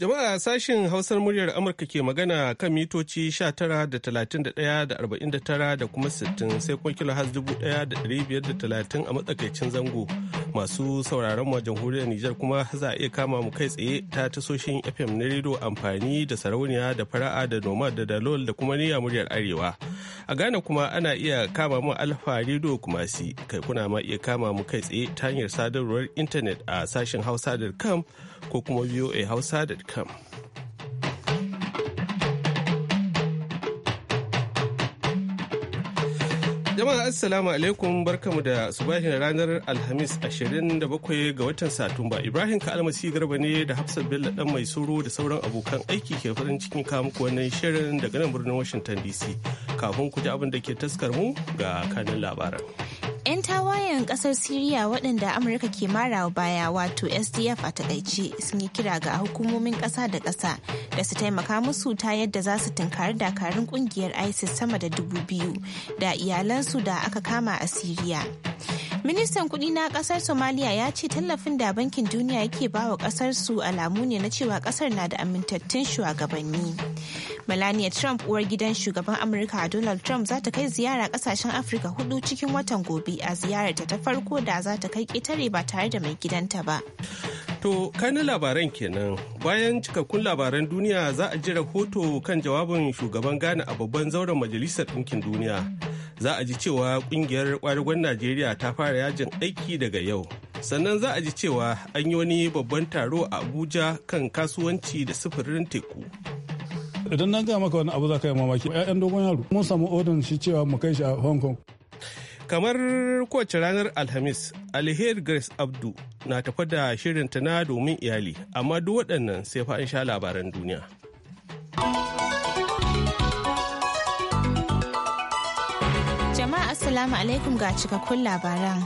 Jama'a sashen Hausar muryar Amurka ke magana kan mitoci 19 da 31 da 49 da kuma 60 sai kuma kilo has 1530 a matsakaicin zango. Masu sauraron mu jamhuriyar Nijar kuma za a iya kama mu kai tsaye ta tasoshin FM na rediyo amfani da sarauniya da fara'a da noma da dalol da kuma niyya muryar Arewa. A Ghana kuma ana iya kama mu alfa rediyo kuma si kai kuna ma iya kama mu kai tsaye ta hanyar sadarwar intanet a sashen hausa.com ko kuma voahausa.com. jama'a assalamu alaikum barkamu da subahin ranar alhamis 27 ga watan satumba ibrahim kalmasi garba ne da hafsat bello dan mai sauro da sauran abokan aiki ke farin cikin muku wannan shirin daga nan birnin washington dc kafin ku ji abin da ke taskar mu ga kanun labaran 'Yan tawayen kasar Siriya waɗanda Amurka ke marawa baya wato SDF a takaice sun yi kira ga hukumomin ƙasa da ƙasa da su taimaka musu ta yadda za su tunkari dakarun ƙungiyar ISIS sama da dubu biyu da iyalansu da aka kama a Siriya. ministan kudi na kasar Somalia ya ce tallafin da bankin duniya yake ba wa kasar su alamu ne na cewa kasar na da amintattun shugabanni melania trump uwar gidan shugaban amurka donald trump za ta kai ziyara kasashen afirka hudu cikin watan gobe a ziyarar ta ta farko da za ta kai ƙetare ba tare da mai gidanta ba To kanin labaran kenan bayan cikakkun labaran duniya za a ji rahoto kan jawabin shugaban Ghana a babban zauren majalisar ɗinkin duniya za a ji cewa kungiyar kwadagon najeriya ta fara yajin aiki daga yau sannan za a ji cewa an yi wani babban taro a abuja kan kasuwanci da sufurin teku idan na gaya maka wani abu za ka yi mamaki 'ya'yan dogon yaro mun samu odin shi cewa mu kai shi a hong kong kamar kowace ranar alhamis alheri grace abdu na tafi da shirin tana domin iyali amma duk waɗannan sai fa in sha labaran duniya. Assalamu alaikum ga cikakkun labaran.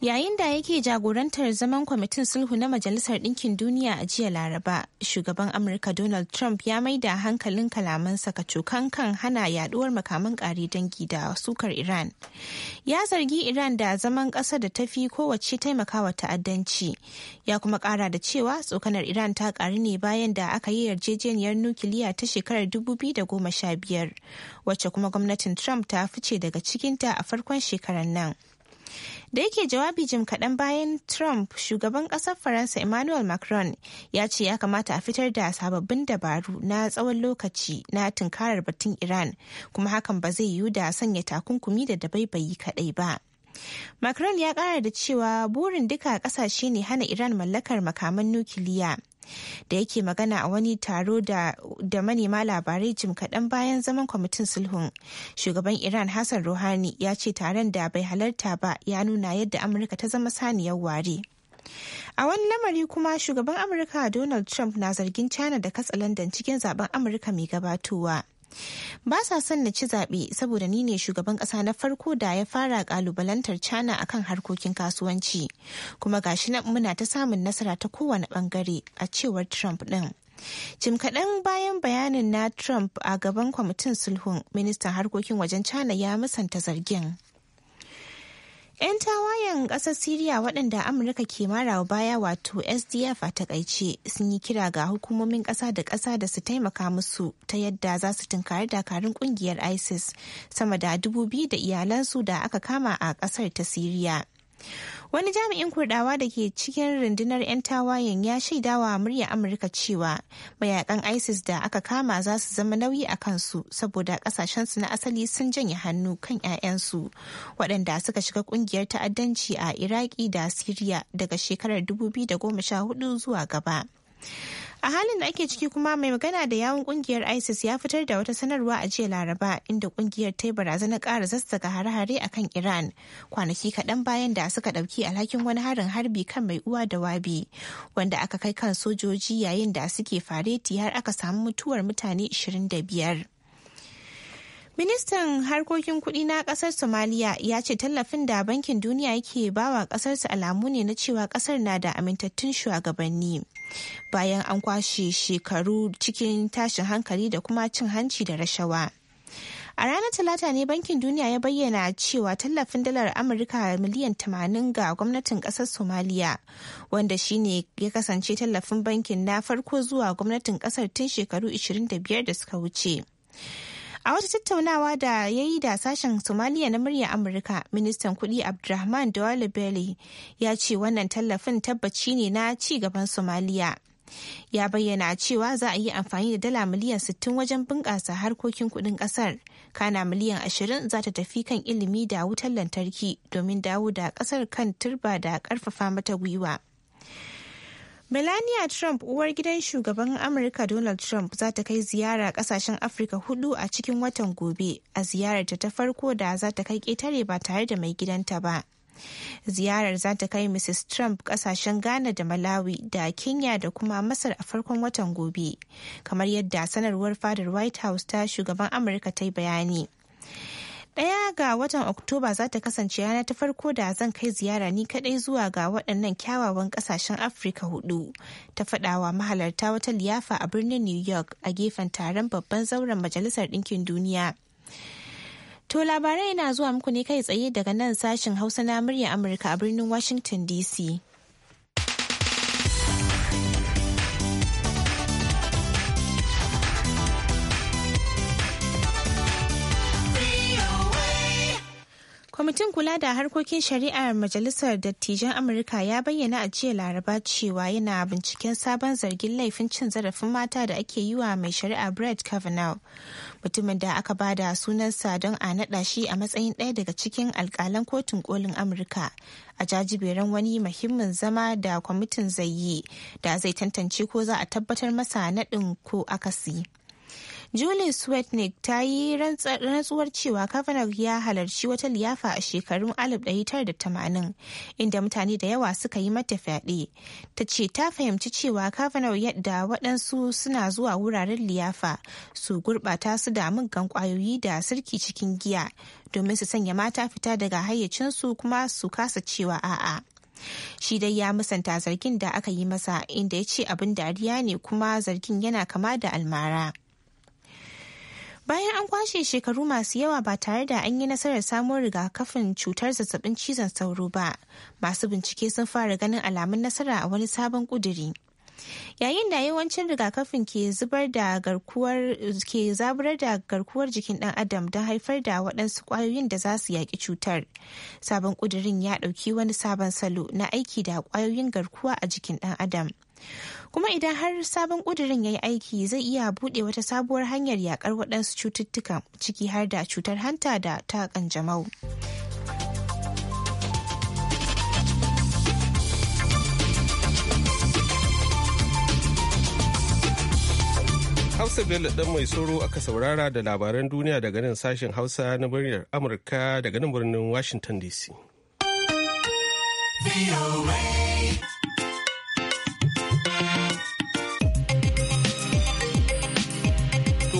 Yayin da yake jagorantar zaman kwamitin sulhu na Majalisar Ɗinkin Duniya a jiya Laraba, shugaban Amurka Donald Trump ya maida hankalin kalamansa cokan kan hana yaduwar makaman ƙare dangi da sukar Iran. Ya zargi Iran da zaman ƙasa da ta fi kowace taimakawa ta'addanci. Ya kuma ƙara da cewa tsokanar Iran ta ƙaru ne bayan da aka yi yarjejeniyar nukiliya ta shekarar 2015, wacce kuma gwamnatin Trump ta fice daga cikinta a farkon shekarar nan. da yake jawabi jim kaɗan bayan trump shugaban ƙasar faransa emmanuel macron ya ce ya kamata a fitar da sababbin dabaru na tsawon lokaci na tunkarar batun iran kuma hakan ba zai yiwu da sanya takunkumi da dabaibayi kaɗai ba Macron ya kara da cewa burin duka ƙasashe ne hana Iran mallakar makaman nukiliya. Da yake magana a wani taro da, manema labarai jim kaɗan bayan zaman kwamitin sulhun. Shugaban Iran Hassan Rouhani ya ce taron da bai halarta ba ya nuna yadda Amurka ta zama saniyar ware. A wani lamari kuma shugaban Amurka Donald Trump na zargin China da katsalandan cikin zaben Amurka mai gabatowa. ba sa son na ci zaɓe saboda ni ne shugaban ƙasa na farko da ya fara ƙalubalantar cana akan harkokin kasuwanci kuma ga shi na muna ta samun nasara ta kowane ɓangare a cewar trump ɗin jim kaɗan bayan bayanin na trump a gaban kwamitin sulhun ministan harkokin wajen China ya musanta zargin 'Yan tawayen ƙasar Siriya waɗanda Amurka ke marawa baya wato SDF a takaice sun yi kira ga hukumomin ƙasa da ƙasa da su taimaka musu ta yadda za su tunkari dakarun ƙungiyar ISIS sama da dubu biyu da iyalansu da aka kama a ƙasar ta Siriya. Wani jami'in kurdawa da ke cikin rundunar 'yan tawayen ya shaidawa murya Amurka cewa mayakan ISIS da aka kama za su zama nauyi a kansu saboda kasashensu na asali sun janye hannu kan 'ya'yansu waɗanda suka shiga kungiyar ta'addanci a Iraki da Siriya daga shekarar 2014 zuwa gaba. a halin da ake ciki kuma mai magana da yawun kungiyar isis ya fitar da wata sanarwa a jiya laraba inda kungiyar ta yi barazanar kara zazzaga hare-hare a kan iran kwanaki kaɗan bayan da suka ɗauki alhakin wani harin harbi kan mai uwa da wabi wanda aka kai kan sojoji yayin da suke fareti har aka samu mutuwar mutane 25 Ministan harkokin kudi na kasar somalia ya ce tallafin da bankin duniya yake bawa su alamu ne na cewa kasar na da amintattun shugabanni. Bayan an kwashe shekaru cikin tashin hankali da kuma cin hanci da rashawa. A ranar Talata ne Bankin Duniya ya bayyana cewa tallafin dalar Amurka miliyan 80 ga gwamnatin kasar Somaliya, wanda shine ya kasance tallafin bankin na farko zuwa gwamnatin kasar tun shekaru 25 da suka wuce. A wata tattaunawa da ya yi da sashen Somaliya na murya Amurka, ministan Kuɗi Abdulrahman Dawale Bele ya ce wannan tallafin tabbaci ne na ci gaban Somaliya. Ya bayyana cewa za a yi amfani da dala miliyan 60 wajen bunƙasa harkokin kuɗin ƙasar, kana miliyan 20 za ta tafi kan ilimi da wutar lantarki domin dawo da ƙasar kan turba da ƙarfafa mata gwiwa. Melania Trump uwar gidan shugaban Amurka Donald Trump za ta kai ziyara kasashen Afirka hudu a cikin watan gobe a ziyarar ta farko da za ta kai ƙetare ba tare da mai gidanta ba. Ziyarar za ta kai Mrs. Trump kasashen Ghana da Malawi da Kenya da kuma Masar a farkon watan gobe, kamar yadda sanarwar fadar White House ta shugaban Amurka ta yi bayani. Ɗaya ga watan Oktoba za ta kasance rana ta farko da zan kai ziyara ni kadai zuwa ga waɗannan kyawawan ƙasashen Afirka hudu. Ta faɗawa mahalarta wata liyafa a birnin New York a gefen taron babban zauren Majalisar Ɗinkin Duniya. To labarai na zuwa muku ne kai tsaye daga nan sashen Hausa na murya Amurka a birnin Washington DC. Kwamitin kula da harkokin shari'ar Majalisar Dattijan Amurka ya bayyana a jiya Laraba cewa yana binciken sabon zargin laifin cin zarafin mata da ake yi wa mai shari'a Brett Kavanaugh. Mutumin da aka ba da sunansa don a naɗa shi a matsayin ɗaya daga cikin alƙalan kotun kolin Amurka a jajiberen wani muhimmin zama da kwamitin zai yi da zai tantance ko za a tabbatar masa naɗin ko akasi. Julie Swetnick ta yi rantsuwar cewa Kavanaugh ya halarci wata liyafa a shekarun 1980 inda mutane da yawa suka yi mata fyaɗe. Ta ce ta fahimci cewa Kavanaugh yadda waɗansu suna zuwa wuraren liyafa su gurɓata su da muggan ƙwayoyi da sirki cikin giya domin su sanya mata fita daga hayyacinsu kuma su kasa cewa a'a. shi dai ya musanta zargin da aka yi masa inda ya ce abin dariya ne kuma zargin yana kama da almara. bayan an kwashe shekaru masu yawa ba tare da an yi nasarar samun rigakafin cutar zazzabin cizon sauro ba masu bincike sun fara ganin alamun nasara a wani sabon kuduri yayin da yawancin rigakafin ke zubar da garkuwar ke zaburar da garkuwar jikin ɗan adam don haifar da waɗansu ƙwayoyin da za su yaƙi cutar sabon ƙudurin ya ɗauki wani sabon salo na aiki da ƙwayoyin garkuwa a jikin ɗan adam kuma idan har sabon ƙudurin ya yi aiki zai iya buɗe wata sabuwar hanyar yakar waɗansu cututtuka ciki har da cutar hanta da ta kanjamau. Hausa Bello ɗan mai soro aka saurara da labaran duniya daga nan sashen Hausa na muryar Amurka daga nan birnin Washington DC.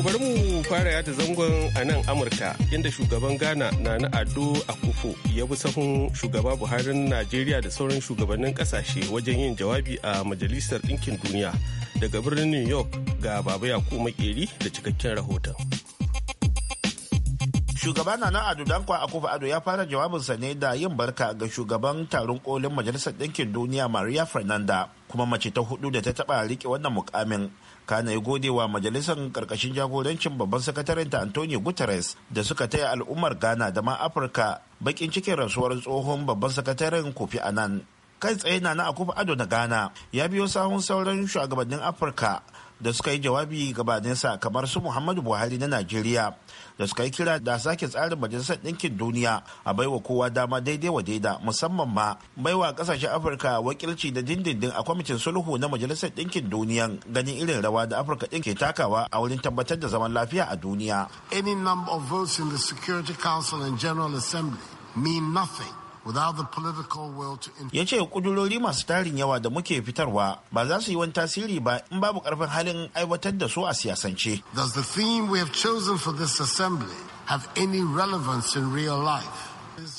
bari mu fara yata zangon a nan Amurka inda shugaban Ghana na na Ado Akufo ya bi sahun shugaba Buharin Najeriya da sauran shugabannin kasashe wajen yin jawabi a Majalisar Ɗinkin Duniya daga birnin New York ga Baba Yakubu Makeri da cikakken rahoton. shugaba nana ado dankwa akufa ado ya fara jawabinsa ne da yin barka ga shugaban taron kolin majalisar ɗinkin duniya maria fernanda kuma mace ta hudu da ta taba rike wannan mukamin kana ya gode wa majalisar karkashin jagorancin babban sakataren ta antonio guterres da suka taya al'ummar ghana da ma afirka bakin cikin rasuwar tsohon babban sakataren kofi anan kai tsaye na na akufa ado na ghana ya biyo sahun sauran shugabannin afirka da suka yi jawabi gabaninsa kamar su muhammadu buhari na najeriya da suka yi kira da sake tsarin majalisar ɗinkin duniya a baiwa kowa dama daidai wa daida musamman ma baiwa ƙasashen afirka wakilci da dindindin a kwamitin sulhu na majalisar ɗinkin duniya ganin irin rawa da afirka ɗin ke takawa a wurin tabbatar da zaman lafiya a duniya. any number of votes in the security council and general assembly mean nothing ya ce kudurori masu tarin yawa da muke fitarwa ba za su yi wani tasiri ba in babu karfin halin aiwatar da su a siyasance. Does the theme we have chosen for this assembly have any relevance in real life?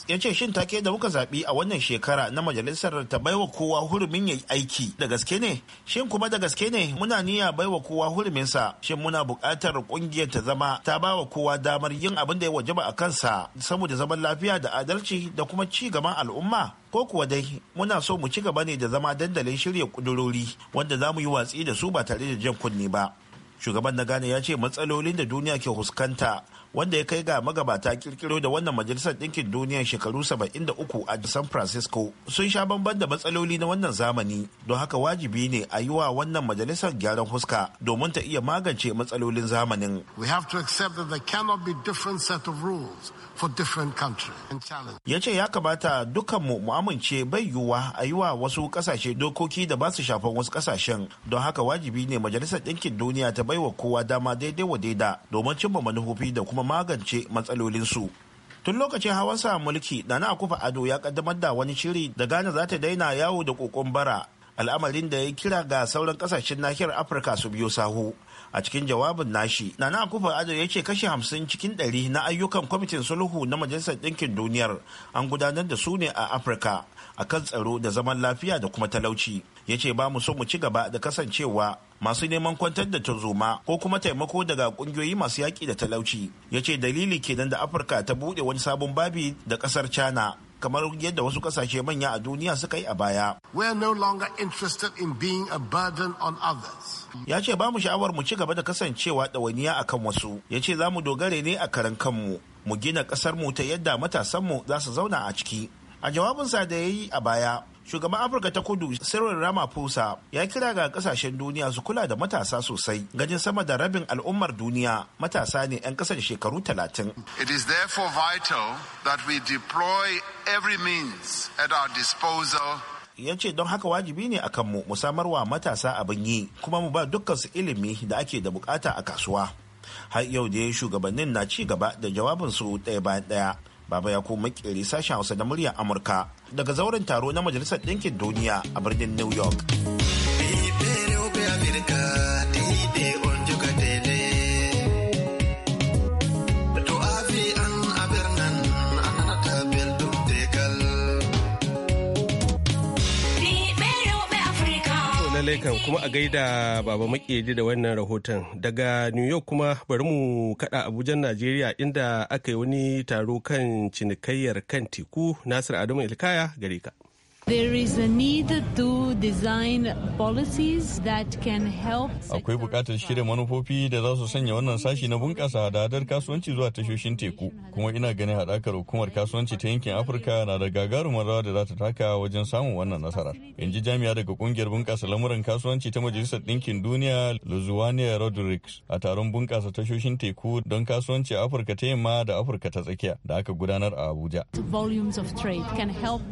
ya ce shin take da muka zaɓi a wannan shekara na majalisar ta baiwa kowa hurumin ya yi aiki da gaske ne shin kuma da gaske ne muna niyya baiwa kowa hurumin sa shin muna buƙatar ƙungiyar ta zama ta bawa kowa damar yin abin da ya ba a kansa saboda zaman lafiya da adalci da kuma ci gaban al'umma ko kuwa dai muna so mu ci gaba ne da zama dandalin shirya kudurori wanda za mu yi watsi da su ba tare da jan kunne ba shugaban na gane ya ce matsalolin da duniya ke fuskanta wanda ya kai ga magabata kirkiro da wannan majalisar ɗinkin duniya shekaru 73 a san francisco sun sha bamban da matsaloli na wannan zamani don haka wajibi ne a yi wa wannan majalisar gyaran fuska domin ta iya magance matsalolin zamanin we have to accept that there be different set of for different and ya ce ya kamata dukanmu mu amince bai yiwuwa a yi wa wasu kasashe dokoki da ba su shafan wasu kasashen don haka wajibi ne majalisar ɗinkin duniya ta bai wa kowa dama daidai wa daida domin cimma manufofi da kuma kuma magance matsalolinsu tun lokacin hawan sa mulki da na kufa ado ya kaddamar da wani shiri da gane za ta daina yawo da kokon bara al'amarin da ya kira ga sauran kasashen nahiyar afirka su biyo sahu a cikin jawabin nashi nana kufa ado ya ce kashi hamsin cikin ɗari na ayyukan kwamitin sulhu na majalisar ɗinkin duniyar an gudanar da su ne a afirka a kan tsaro da zaman lafiya da kuma talauci ya ce ba mu so mu ci gaba da kasancewa masu neman kwantar da tarzoma ko kuma taimako daga kungiyoyi masu yaƙi da talauci ya ce dalili kenan da afirka ta buɗe wani sabon babi da ƙasar china kamar yadda wasu kasashe manya a duniya suka yi a baya. We are no longer interested in being a burden on others. Ya ce ba mu sha'awar mu ci gaba da kasancewa ɗawainiya a kan wasu. Ya ce za mu dogare ne a karan kanmu. Mu gina ƙasarmu ta yadda matasanmu za su zauna a ciki. A jawabinsa da ya yi a baya, shugaban afirka ta kudu rama ramaphosa ya kira ga kasashen duniya su kula da matasa sosai Gajin sama da rabin al'ummar duniya matasa ne 'yan kasar shekaru talatin. it is therefore vital that we deploy every means at our disposal ya ce don haka wajibi ne akan mu mu samar wa matasa abin yi kuma mu ba dukkan su ilimi da ake da bukata a kasuwa har yau da shugabannin na ci gaba da jawabinsu ɗaya bayan ɗaya Baba ya ko makere sashen Hausa da muryar Amurka daga zauren taro na Majalisar Ɗinkin Duniya a birnin New York. alaikum kuma a gaida baba makeri da wannan rahoton daga new york kuma bari mu kada abujan najeriya inda aka yi wani taro kan cinikayyar kan teku nasir adamu ilkaya gare ka There need to design policies that can help. Akwai bukatar shirya manufofi da za su sanya wannan sashi na bunƙasa hadadar kasuwanci zuwa tashoshin teku. Kuma ina ganin haɗakar hukumar kasuwanci ta yankin Afirka na da gagarumar rawa da za ta taka wajen samun wannan nasarar. In ji jami'a daga ƙungiyar bunƙasa lamuran kasuwanci ta Majalisar Ɗinkin Duniya Luzuwania Rodriguez a taron bunƙasa tashoshin teku don kasuwanci Afirka ta yamma da Afirka ta tsakiya da aka gudanar a Abuja.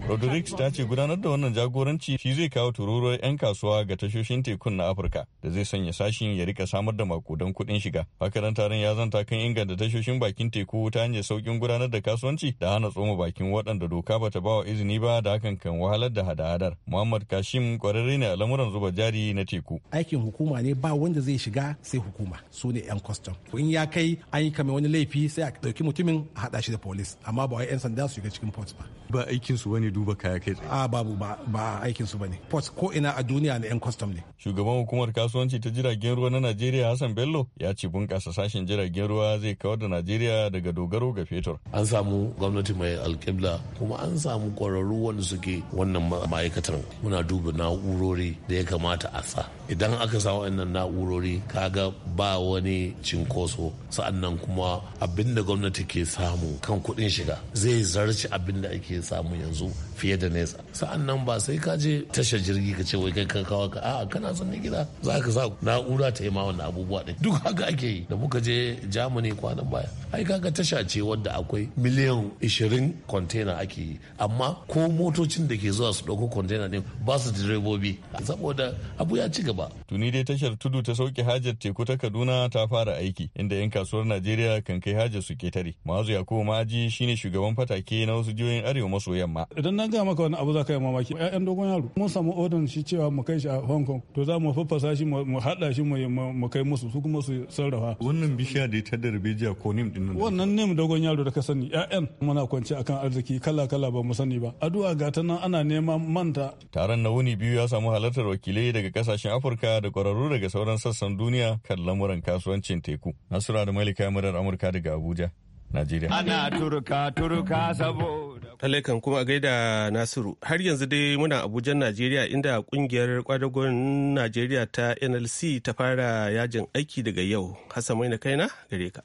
Rodriguez ta ce gudanar gudanar da wannan jagoranci shi zai kawo tururuwar 'yan kasuwa ga tashoshin tekun na Afirka da zai sanya sashin ya rika samar da makudan kuɗin shiga. Hakanan taron ya zanta kan inganta tashoshin bakin teku ta hanyar saukin gudanar da kasuwanci da hana tsoma bakin waɗanda doka bata ba wa izini ba da hakan kan wahalar da hada-hadar. Muhammad Kashim kwararre ne a lamuran zuba jari na teku. Aikin hukuma ne ba wanda zai shiga sai hukuma su ne 'yan kwastam. In ya kai an yi kame wani laifi sai a ɗauki mutumin a haɗa shi da polis amma ba wai 'yan sanda su shiga cikin port ba. Ba aikinsu wani duba kaya kai tsaye. babu ba aikin su bane port ko ina a duniya na yan custom ne shugaban hukumar kasuwanci ta jiragen ruwa na Najeriya Hassan Bello ya ce bunƙasa sashen jiragen ruwa zai kawar da Najeriya daga dogaro ga fetur an samu gwamnati mai alƙibla kuma an samu ƙwararru wanda suke wannan ma'aikatar muna duba na'urori da ya kamata a sa idan aka sa wa'annan na'urori kaga ba wani cinkoso sa'annan kuma abin da gwamnati ke samu kan kuɗin shiga zai zarci abin da ake samu yanzu fiye da nesa sa'an nan ba sai ka je tashar jirgi ka ce wai kai ka kawo ka a'a kana son gida za ka sa na'ura ta yi ma wannan abubuwa ɗin duk haka ake yi da muka je germany kwanan baya ai kaga tasha ce wadda akwai miliyan 20 container ake yi amma ko motocin da ke zuwa su ɗauko container ɗin ba su direbobi saboda abu ya ci gaba tuni dai tashar tudu ta sauke hajar teku ta kaduna ta fara aiki inda 'yan kasuwar najeriya kan kai hajar su ketare ma'azu yakubu ma'aji shine shugaban fatake na wasu jihohin arewa maso yamma idan na ga maka wani abu za ka yi mamaki ƴaƴan dogon yaro mun samu odan shi cewa mu kai shi a hong kong to za mu faffasa shi mu haɗa shi mu kai musu su kuma su sarrafa wannan bishiya da ta darbejiya ko nim din nan wannan nim dogon yaro da ka sani ƴaƴan muna kwance akan arziki kala kala ba mu sani ba addu'a gata nan ana neman manta taron na wuni biyu ya samu halartar wakilai daga kasashen afirka da kwararru daga sauran sassan duniya kan lamuran kasuwancin teku nasura da malika murar amurka daga abuja Najeriya. Ana turka turka saboda. Talaikan kuma a gaida Nasiru. Har yanzu dai muna Abuja Najeriya inda kungiyar kwadagon Najeriya ta NLC ta fara yajin aiki daga yau. Hassan kai kaina gare ka.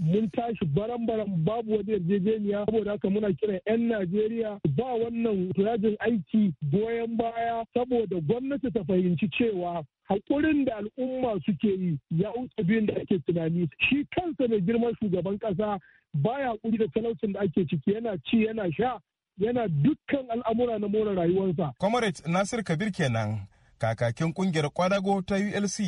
mun tashi baran-baran babu wani yarjejeniya saboda haka muna kiran 'yan Najeriya ba wannan yajin aiki goyon baya saboda gwamnati ta fahimci cewa haƙurin da al'umma suke yi ya wuce biyun da ake tunani shi kansa mai girman shugaban ƙasa baya ƙuri da talaucin da ake ciki yana ci yana sha yana dukkan al'amura na more rayuwarsa. comrade nasir kabir kenan kakakin kungiyar kwadago ta ulc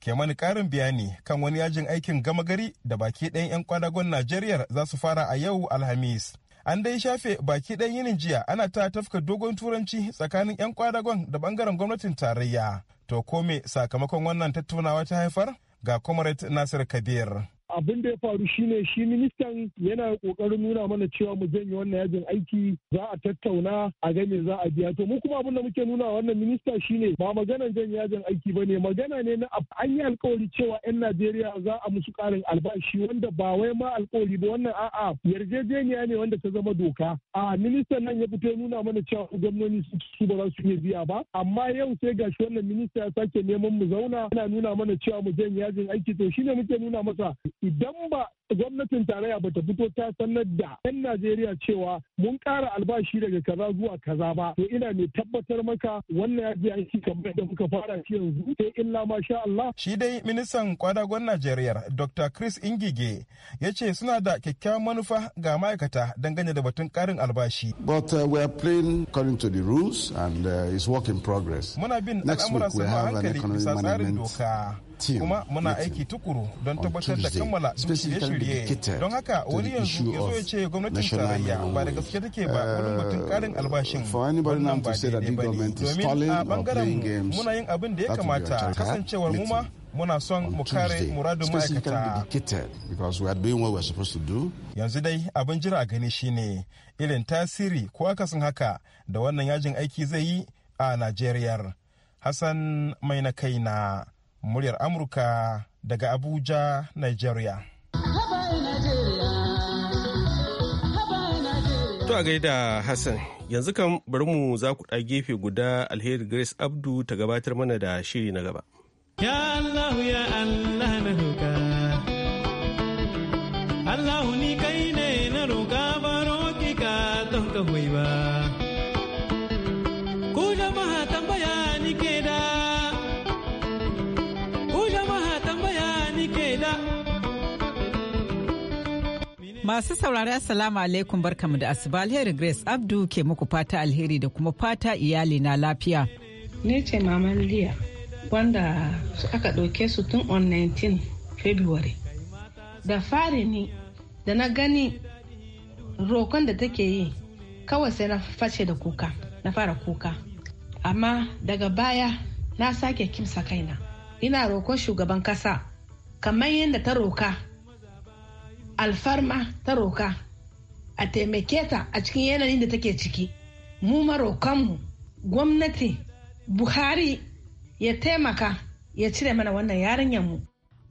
ke mani karin bayani kan wani yajin aikin gama gari da baki ɗayan 'yan kwadagon najeriya za su fara a yau alhamis an dai shafe baki ɗayan yinin jiya ana ta tafka dogon turanci tsakanin 'yan kwadagon da bangaren gwamnatin tarayya To ko me sakamakon wannan tattaunawa ta haifar? Ga Comrade Nasir Kabir. abin da ya faru shine shi ministan yana kokarin nuna mana cewa mu janye wannan yajin aiki za a tattauna a ga za a biya to mu kuma abin da muke nuna wannan minista shine ba maganan janye yajin aiki bane magana ne na an yi alkawari cewa yan Najeriya za a musu karin albashi wanda ba wai ma alkawari ba wannan a'a yarjejeniya ne wanda ta zama doka a ministan nan ya fito nuna mana cewa gwamnoni su ba za su iya biya ba amma yau sai gashi wannan minista ya sake neman mu zauna yana nuna mana cewa mu janye yajin aiki to shine muke nuna masa idan ba gwamnatin tarayya ba ta fito ta sanar da 'yan Najeriya cewa mun ƙara albashi daga kaza zuwa kaza ba to ina mai tabbatar maka wannan ya shi kamar da muka fara shi yanzu sai in ma sha Allah. Shi dai ministan kwadagon Najeriya Dr. Chris Ingige ya ce suna da kyakkyawan manufa ga ma'aikata dangane da batun ƙarin albashi. But uh, we are playing according to the rules and uh, it's work in progress. Muna bin al'amuran sama hankali bisa tsarin doka. kuma muna aiki tukuru don tabbatar da kammala duk shirye-shirye don haka wani yanzu ya zo ya ce gwamnatin tarayya ba da gaske take ba wurin uh, batun karin albashin wannan ba daidai ba ne domin a bangaren muna yin abin da ya kamata kasancewar mu ma muna son mu kare muradun ma'aikata. Yanzu dai abin jira a gani shine irin tasiri ko akasin haka da wannan yajin aiki zai yi a Najeriya. Hassan mai na kaina muryar amurka daga abuja nigeria To a gaida Hassan, yanzu kan bari mu za ku gefe guda alheri Grace Abdu ta gabatar mana da shiri na gaba. Ya Allah ya Allah na Allah ni kai ne na roƙa ba ki ka don ka ba. Masu saurari Assalamu alaikum barkamu da asuba alheri Grace Abdu ke muku fata alheri da kuma fata iyali na lafiya. Ni ce Maman Liya wanda aka ɗauke su tun on 19 February. Da fari ni da na gani rokon da take yi kawai sai na face da kuka, na fara kuka. Amma daga baya na sake kimsa kaina. Ina rokon shugaban kasa kamar yadda ta roka alfarma ta roka a taimake ta a cikin yanayin da take ciki mu marokanmu gwamnati buhari ya taimaka ya cire mana wannan yarinyar mu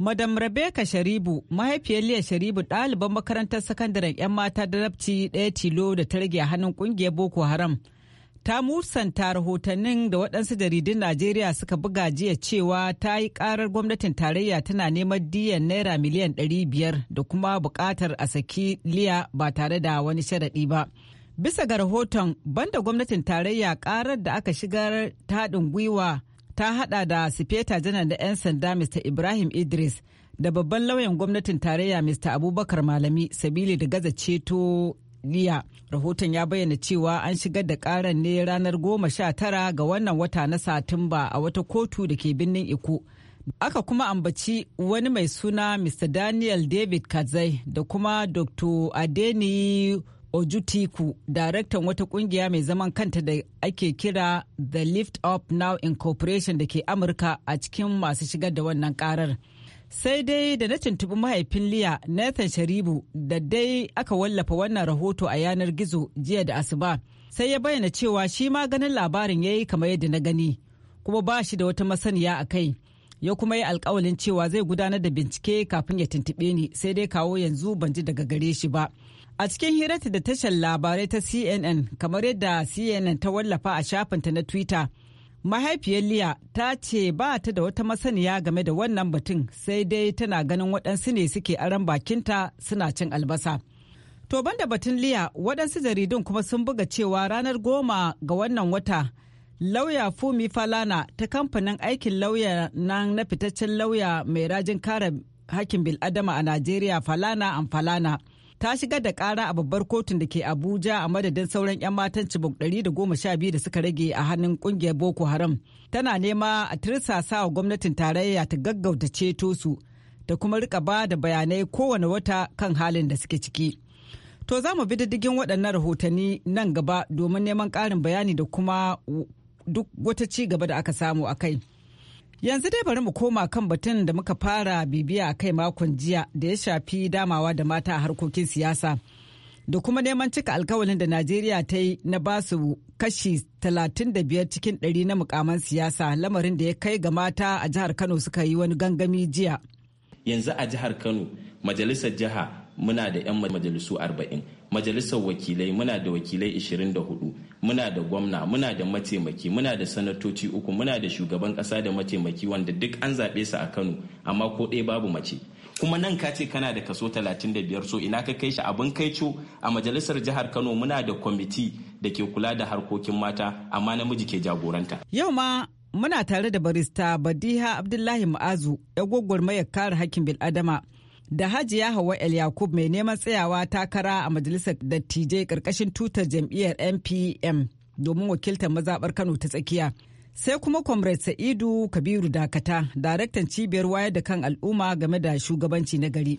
Madam Rebecca Sharibu, mahaifiyar Liya Sharibu ɗaliban makarantar sakandaren 'yan mata da rabci ɗaya tilo da ta rage hannun ƙungiyar Boko Haram. ta musanta rahotannin da waɗansu jaridun Najeriya suka buga jiya cewa ta yi ƙarar gwamnatin tarayya tana neman diyan naira miliyan 500 da kuma buƙatar a saki liya ba tare da wani sharaɗi ba. Bisa ga rahoton banda gwamnatin tarayya ƙarar da aka shigar haɗin gwiwa ta haɗa da sifeta janar da 'yan sanda Mr. Ibrahim Idris da babban lauyan gwamnatin tarayya Mr. Abubakar Malami sabili da gaza ceto Liya. Rahoton ya bayyana cewa an shigar da karan ne ranar goma sha tara ga wannan wata na Satumba a wata kotu da ke birnin Iko. Aka kuma ambaci wani mai suna Mr. Daniel David Kazai da kuma Dr. Adeni Ojutiku, daraktan wata kungiya mai zaman kanta da ake kira The Lift Up Now Incorporation da ke Amurka a cikin masu shigar da wannan karar. sai dai da na tuntubi mahaifin liya nathan sharibu da dai aka wallafa wannan rahoto a yanar gizo jiya da asuba sai ya bayyana cewa shi ma ganin labarin ya yi kamar yadda na gani kuma ba shi da wata masaniya a kai ya kuma yi alkawalin cewa zai gudanar da bincike kafin ya tuntube ni sai dai kawo yanzu ban ji daga gare shi ba a cikin hirarta da tashar labarai ta cnn kamar yadda cnn ta wallafa a shafinta na twitter mahaifiyar liya ta ce ba ta da wata masaniya game da wannan batun sai dai tana ganin waɗansu ne suke aran bakinta suna cin albasa to banda batun liya waɗansu jaridun kuma sun buga cewa ranar goma ga wannan wata lauya fumi falana ta kamfanin aikin lauya nan na fitaccen lauya mai rajin kare hakkin bil'adama a najeriya falana an falana ta shigar da kara a babbar kotun da ke Abuja a madadin sauran 'yan matan cibok 112 da suka rage a hannun ƙungiyar Boko Haram. Tana nema a tirsasa wa gwamnatin tarayya ta gaggauta ceto su da kuma rika ba da bayanai kowane wata kan halin da suke ciki. To za mu bi diddigin waɗannan rahotanni nan gaba domin neman ƙarin bayani da kuma duk wata ci gaba da aka samu a kai. Yanzu dai bari mu koma kan batun da muka fara bibiya a kai makon jiya da ya shafi damawa da mata a harkokin siyasa. Da kuma neman cika alkawalin da Najeriya ta yi na basu kashi 35 cikin 100 na mukaman siyasa lamarin da ya kai ga mata a jihar Kano suka yi wani gangami jiya. Yanzu a jihar Kano majalisar jiha muna da 'yan majalisu 40 majalisar wakilai muna da wakilai 24 muna da gwamna muna da mataimaki muna da sanatoci uku muna da shugaban kasa da mataimaki wanda duk an zaɓe su a kano amma ko ɗaya babu mace kuma nan ka ce kana da kaso 35 so ina ka kai shi abin co a majalisar jihar kano muna da kwamiti da ke kula da harkokin mata amma namiji ke jagoranta yau ma muna tare da barista badiha abdullahi ma'azu ya gwagwarmayar kare hakkin bil'adama da Hajiya Hauwa El Yakub mai neman tsayawa takara a majalisar dattijai karkashin tutar jam'iyyar NPM domin wakiltar mazaɓar Kano ta tsakiya. Sai kuma Comrade Sa'idu Kabiru Dakata, daraktan cibiyar wayar da kan al'umma game da shugabanci na gari.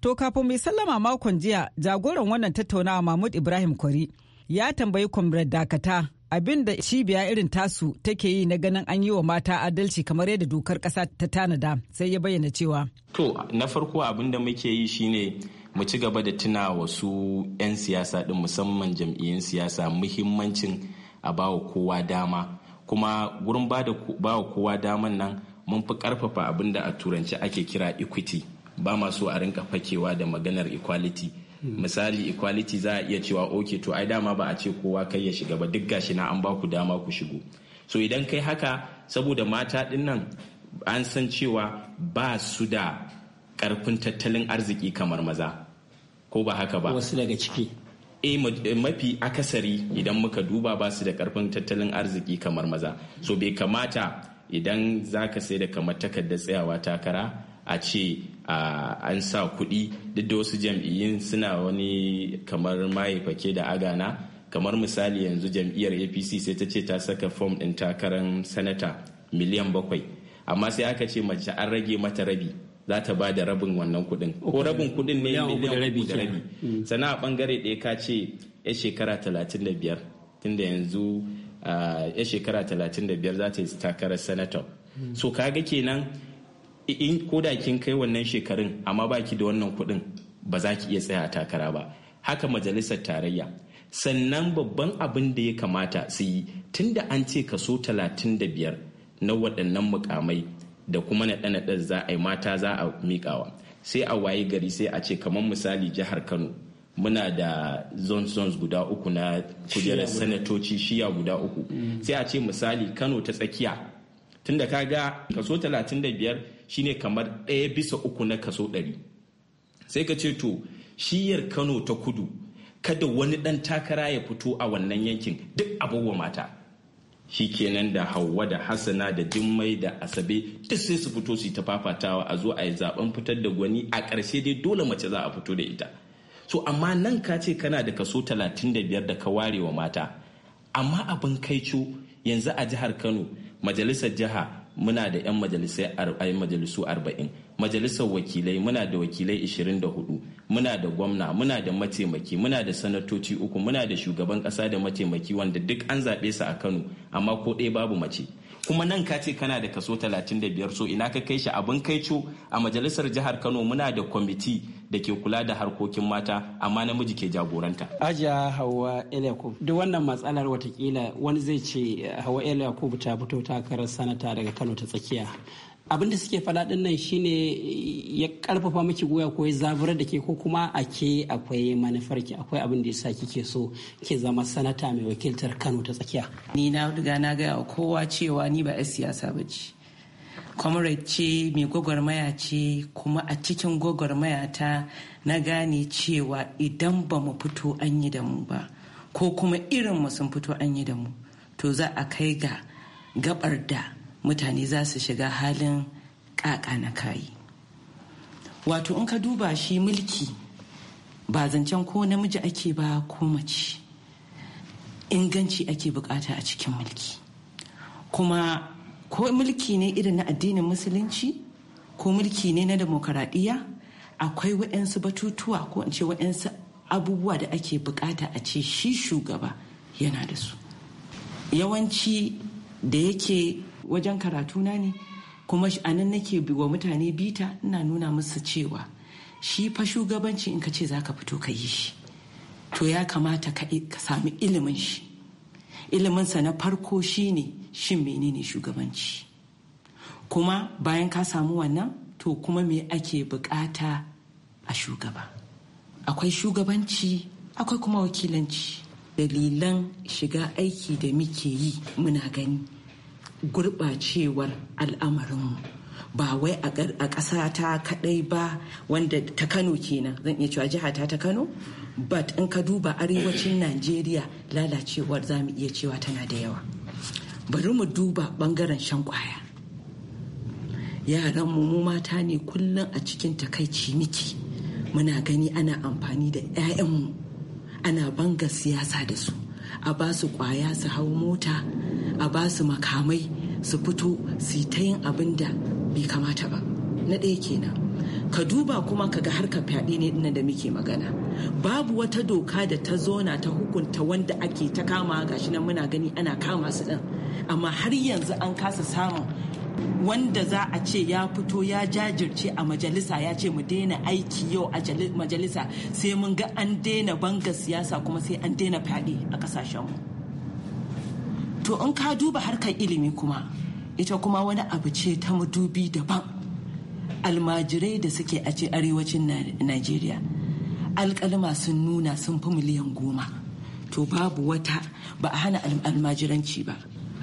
To kafin mai sallama makon jiya, jagoran wannan tattaunawa Mahmud Ibrahim Kwari ya tambayi Comrade Dakata abin da cibiya irin tasu take yi na ganin an yi wa mata adalci kamar yadda dokar ƙasa ta tanada sai ya bayyana cewa. To na farko abin da muke yi shine mu ci gaba da tuna wasu 'yan siyasa din musamman jam'iyyun siyasa muhimmancin a bawa kowa dama kuma gurin bawa kowa daman nan mun fi karfafa abin da a turanci ake kira equity ba masu a rinka fakewa da maganar equality misali equality za a iya cewa ok to ai dama ba a ce kowa kai ya shiga ba duk gashi na an ba ku dama ku shigo so idan kai haka saboda mata din nan an san cewa ba su da karfin tattalin arziki kamar maza ko ba haka ba wasu daga ciki e mafi akasari idan muka duba ba su da karfin tattalin arziki kamar maza so bai kamata idan za ka sai da kamar takardar tsayawa takara a ce an sa kuɗi duk da wasu jam'iyyun suna wani kamar mahaifake fake da agana kamar misali yanzu jam'iyyar apc sai ta ce ta saka fom ɗin takarar sanata miliyan bakwai amma sai aka ce mace an rage mata rabi za ta ba da rabin wannan kuɗin ko rabin kuɗin ne miliyan rabi da rabi hmm. sannan a ɓangare ɗaya ka ce ya shekara talatin da biyar tunda yanzu ya shekara talatin da biyar za ta yi takarar sanata hmm. so ka ga kenan in koda kin kai wannan shekarun amma baki da wannan kuɗin ba za ki iya tsaya takara ba haka majalisar tarayya sannan babban abin da ya kamata su yi da an ce kaso 35 na waɗannan mukamai da kuma naɗe-naɗe za a yi mata za a miƙawa sai a waye gari sai a ce kamar misali jihar kano muna da zones zones guda uku na kujerar sanatoci shiya guda uku mm. sai a ce misali kano ta tsakiya tun da ka ga kaso 35 shine kamar ɗaya bisa uku na kaso ɗari sai ka ce to shiyar kano ta kudu kada wani ɗan takara ya fito a wannan yankin duk abubuwa mata shi kenan da hauwa da hasana da jimmai da asabe duk sai su fito su ta fafatawa a zo a yi zaben fitar da gwani a ƙarshe dai dole mace za a fito da ita so amma nan ka ce kana da kaso 35 da ka ware wa mata amma abin kaico yanzu a jihar kano majalisar jiha muna da 'yan majalisu 40 majalisar wakilai muna da wakilai 24 muna da gwamna muna da mataimaki muna da sanatoci uku muna da shugaban kasa da mataimaki wanda duk an zaɓe su a kano amma ko ɗaya babu mace kuma nan ka ce kana da kaso 35 so ina ka kai shi abin kaico a majalisar jihar kano muna da kwamiti da ke kula da harkokin mata amma namiji ke jagoranta. Ajiya Hawa Eliakub duk wannan matsalar watakila wani zai ce Hawa Eliakub ta fito takarar sanata daga Kano ta tsakiya. abin da suke faɗa ɗin nan shine ya karfafa miki goya ko ya zabura da ke ko kuma a ke akwai manufar ki akwai abin da yasa kike so ke zama sanata mai wakiltar Kano ta tsakiya. Ni na riga na gaya kowa cewa ni ba 'yar siyasa ba ce. comrade ce mai gwagwarmaya ce kuma a cikin gwagwarmaya ta na gane cewa idan ba mu fito an yi da mu ba ko kuma irin mu sun fito an yi da mu to za a kai ga gabar da mutane za su shiga halin kaka na kayi wato in ka duba shi mulki ba zancen ko namiji ake ba ko mace inganci ake bukata a cikin mulki kuma ko mulki ne irin na addinin musulunci ko mulki ne na demokaradiyya akwai waɗansu batutuwa ko in ce waɗansu abubuwa da ake bukata a ce shi shugaba yana da su yawanci da yake wajen karatuna ne kuma a nan nake wa mutane bita ina nuna musu cewa shi fa shugabanci in ka ce za ka fito ka yi shi to ya kamata ka sami ilimin shi iliminsa na farko shine shin menene shugabanci kuma bayan ka samu wannan to kuma me ake bukata a shugaba akwai shugabanci akwai kuma wakilanci dalilan shiga aiki da muke yi muna gani gurɓacewar al'amarinmu ba wai a ƙasa ta kaɗai ba wanda ta kano kenan zan iya cewa jiha ta ta kano but in ka duba arewacin najeriya lalacewar za mu iya cewa tana da yawa bari mu duba ɓangaren shan kwaya yaran mu mata ne kullum a cikin takaici miki muna gani ana amfani da 'ya'yanmu ana banga siyasa da su a ba su kwaya su hau mota a ba su makamai su fito su yi ta yin abin da bai kamata ba na ɗaya kenan ka duba kuma ka ga harkar fyaɗe ne ɗin da muke magana babu wata doka da ta zona ta hukunta wanda ake ta kama ga shi nan muna gani ana kama su ɗin amma har yanzu an kasa samun wanda za a ce ya fito ya jajirce a majalisa ya ce mu daina aiki yau a majalisa sai mun ga an daina banga siyasa kuma sai an daina fyaɗe a ƙasashenmu to in ka duba harkar ilimi kuma ita kuma wani abu ce ta madubi daban almajirai da suke a ce arewacin najeriya alkalima sun nuna sun fi miliyan goma to babu wata ba a hana almajiranci ba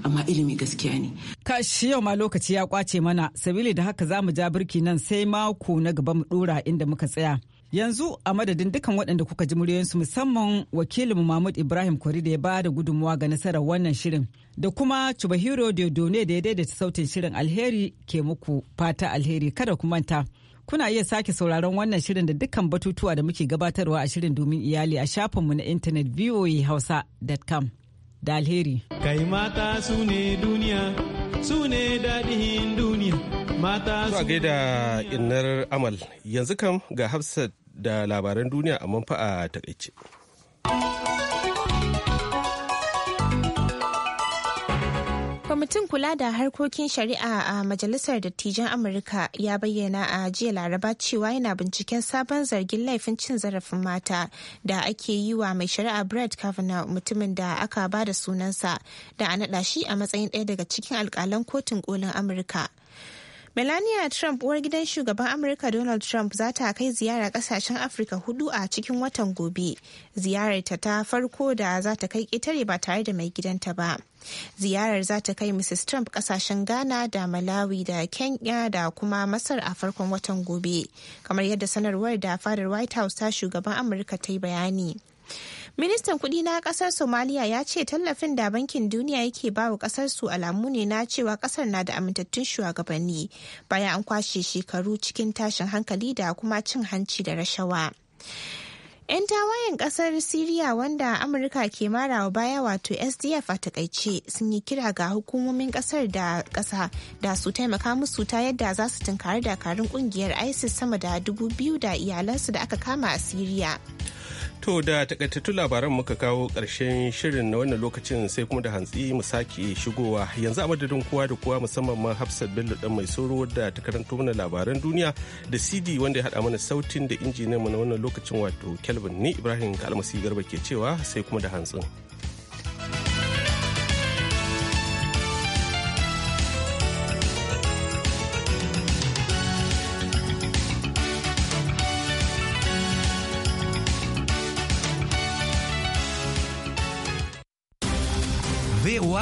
amma ilimi gaskiya ne. Kashi yau ma lokaci ya kwace mana, sabili da haka za mu ja birki nan sai mako na gaba mu dora inda muka tsaya. Yanzu a madadin dukan waɗanda kuka ji muryoyinsu musamman wakilinmu Mahmud Ibrahim Kwari da ya ba da gudunmawa ga nasarar wannan shirin da kuma Chubahiro Diodone da ya daidaita sautin shirin alheri ke muku fata alheri kada ku manta. Kuna iya sake sauraron wannan shirin da dukkan batutuwa da muke gabatarwa a shirin domin iyali a mu na intanet voahausa.com da alheri. Kai mata su ne duniya su ne daɗin duniya mata su gaida inar amal yanzu kam ga hafsat da labaran duniya a fa a takaice. Kwamitin kula da harkokin shari'a a Majalisar Dattijan Amurka ya bayyana a jiya Laraba cewa yana binciken sabon zargin laifin cin zarafin mata da ake yi wa mai shari'a Brett Kavanaugh mutumin da aka ba da sunansa da a naɗa shi a matsayin ɗaya daga cikin alƙalan kotun kolin Amurka. Melania Trump uwar gidan shugaban Amurka Donald Trump za ta kai ziyara kasashen Afirka hudu a cikin watan gobe. Ziyararta ta farko da za ta kai ƙetare ba tare da mai gidanta ba. Ziyarar za ta kai Mrs. Trump kasashen Ghana da Malawi da Kenya da kuma Masar a farkon watan gobe. Kamar yadda sanarwar da fadar White House ta shugaban Amurka ta yi bayani. ministan kudi na kasar somaliya ya ce tallafin da bankin duniya yake ba wa kasar su alamu ne na cewa kasar na da amintattun shugabanni bayan an kwashe shekaru cikin tashin hankali da kuma cin hanci da rashawa 'Yan tawayen kasar Siriya wanda Amurka ke marawa baya wato SDF a takaice sun yi kira ga hukumomin kasar da kasa da su taimaka musu ta yadda za su tunkari dakarun kungiyar ISIS sama da dubu biyu da iyalansu da aka kama a Siriya. To da takaitattun labaran muka kawo ƙarshen shirin na wannan lokacin sai kuma da hantsi mu sake shigowa yanzu a madadin kowa da kowa musamman ma Hafsat Bello dan mai sauro da ta karanto mana labaran duniya da CD wanda ya haɗa mana sautin da injiniyan mu na wannan lokacin wato Kelvin ni Ibrahim Kalmasi Garba ke cewa sai kuma da hantsin.